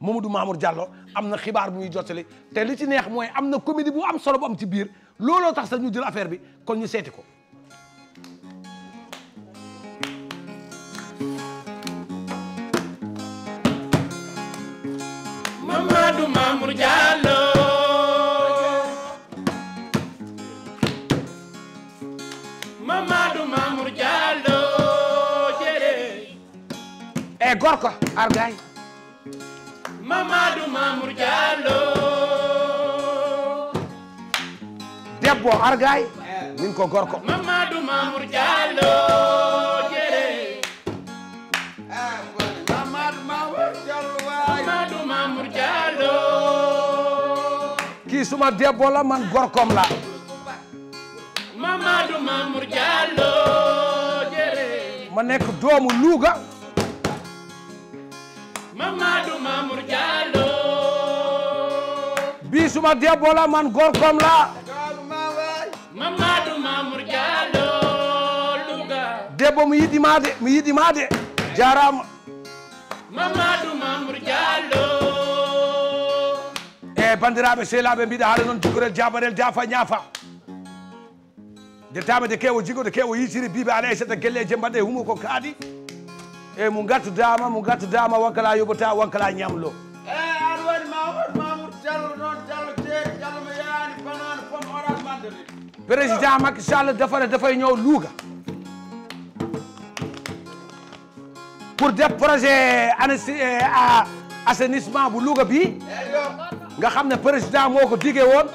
Mamadou Mamour Diallo am na xibaar bu ñuy jottali te li ci neex mooy am na comédie bu am solo bu am ci biir looloo tax sax ñu jël affaire bi kon ñu seeti ko. Mamadou Mamour Diallo. Mamadou Mamadou Mamour Diallo debbo argay min ko gorko Mamadou Mamour Diallo jere Mamadou suma debbo la man gorkom la ma nekk doomu Louga Mamadou Mamour Diallo bii suma debbo la man gorkom la debbo mi yiɗima de de jarama Mamadou Mamour Diallo e mbiɗa haala noon jogorel jabarel jafa ñaafa nde tama de kewo jigo de kewo yiciri biɓe ala e seeɗa guelleje mbaɗe humo ko kaaɗi Eh, mu mo gattudama mu gattudama wakkala yoɓata wakkala ñamlo eyi aɗa waɗi président makky sall dafana dafay ñoow luuga pour def projet ana eh, assainissement bu Louga bi nga xam ne président moo ko digee woon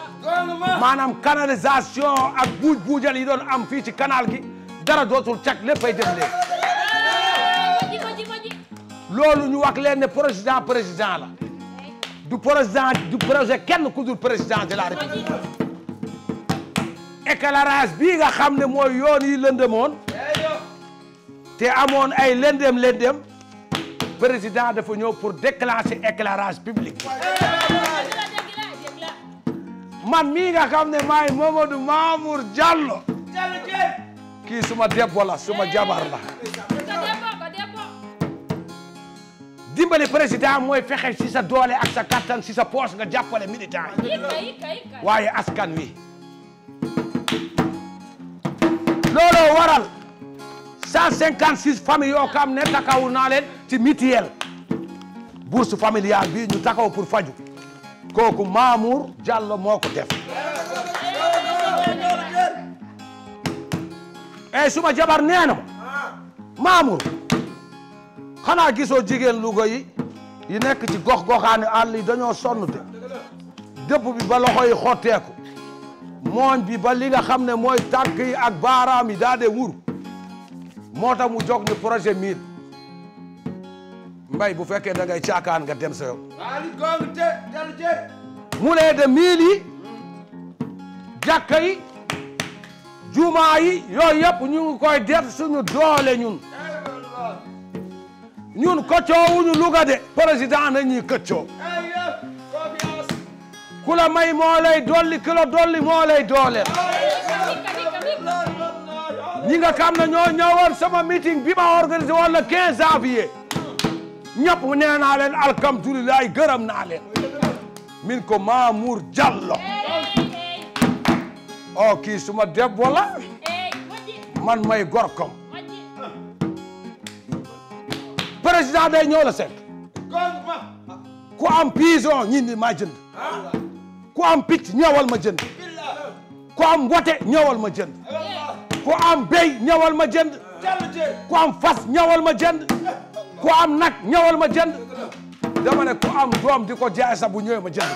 maanaam canalisation ak buuj buujal yi doon am fii ci canal gi dara dootul cag léppay def léegi loolu ñu wax leen ne président président la du président du kenn ku président de la république éclairage bii nga xam ne mooy yoon yi lëndëmoon te amoon ay lëndëm lëndëm président dafa ñëw pour déclencher éclarage public man mii nga ne maay Mamadou Mamour Diallo kii suma debbo la suma jabar la dimbali président mooy fexe ci sa doole ak sa kattan si sa poche nga jàppale militant yi waaye askan wi looloo waral 156 familles yoo xam ne takawu naa leen ci mutuelle bourse familiale bi ñu takaw pour faju kooku Mamour Diallo moo ko def ey eh, suma jabar nee na xanaa gisoo jigéen Louga yi yi nekk ci gox goxaani àll yi dañoo sonn te dëpp bi ba loxo yi xotteeku mooñ bi ba li nga xam ne mooy tànk yi ak baaraam yi daa dee wur moo tax mu jog ni projet mil mbay bu fekkee da ngay caakaan nga dem sa mu ne de miil yi jàkka yi jumaa yi yooyu yëpp ñu ngi koy def suñu doole ñun ñun këccoowuñu Louga de président nañuy këccoo ku la may moo lay dolli ku la dolli moo lay dooleel ñi nga xam ne ñoo ñëwoon sama meeting bi ma organisé woon le 15 janvier ñëpp nee naa leen alhamdulilah gërëm naa leen min ko Mamour Diallo o oh, kii suma debbo man may gorkom président day ñëw ku am pison ñi ni maa ku am picc ñëwal ma jënd. ku am wote ñëwal ma jënd. ku am béy ñëwal ma jënd. ku am fas ñëwal ma jënd. ku am nag ñëwal ma jënd. dama ne ku am doom di ko jaay sax bu ñëwee ma jënd.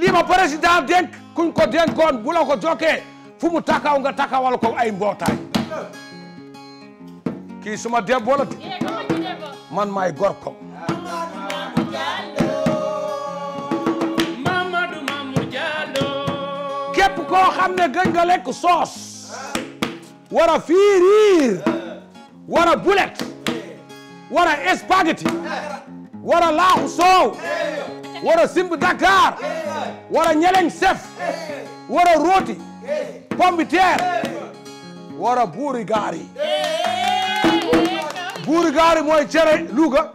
lii ma président dénk kuñ ko dénkoon bu la ko jokkee fu mu takaw nga takawal ko ay mbootaay kii suma debbo la eh, man maay gorko Mamadou Mamour xam ne gën lekk soos war a fiiriir war bulet war a spaghetti laaxu soow war a simb Dakar war a ñeleñ sef war a rooti pombiteer war a buuri gaari buuri gaari mooy cere Louga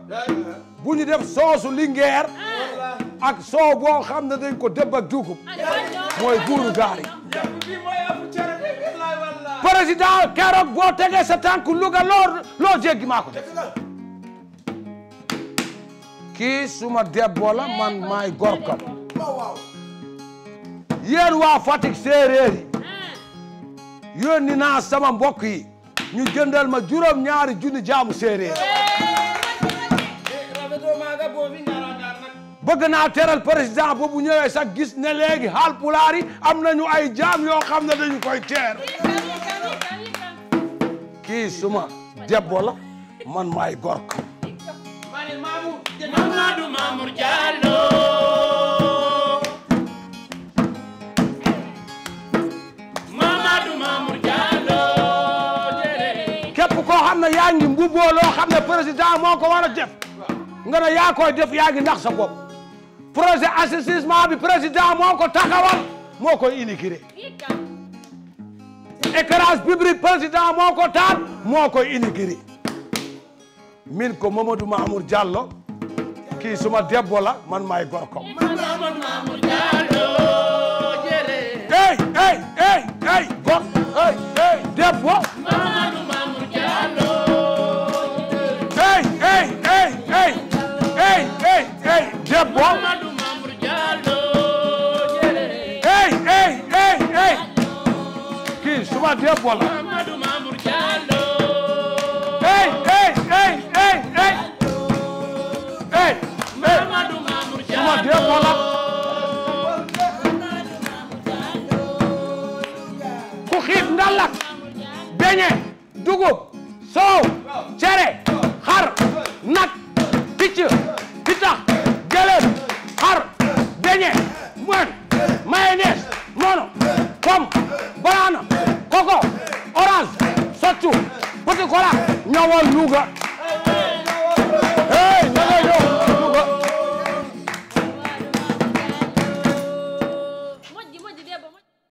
bu ñu def soosu lingeer ak soow boo xam ne dañ ko dëbb ak dugub mooy buuri gaari président keroog boo tegee sa tànk Louga loo loo jéggi kii suma debbo la man maay gorkam yéen waa Fatick séeréer yónni naa sama mbokk yi ñu jëndal ma juróom ñaari junni jaamu séeréer bëgg naa teral président ba bu ñëwee sax gis ne léegi haal pulaar am nañu ay jaam yoo xam ne dañu koy teer kii suma la man maay gorkam Mamadou Mamour Diallo Mamadou Mamour Diallo képp koo yaa ngi mbubboo loo xam ne président moo ko war a def nga ne yaa koy def yaa ngi ndax sa bopp projet assainissement bi président moo ko taxawal moo koy inauguré éclairage public président moo ko taal moo koy inauguré min ko Mamadou Mamour Diallo kii suma debbo la man maay gorkom ey ey ey ey kii suma debbo beñe dugub soow cere xar nag picc pitax gëlëm xar beñe mën mayonnaise mono pomme banana coco orange soccu petit cola ñawal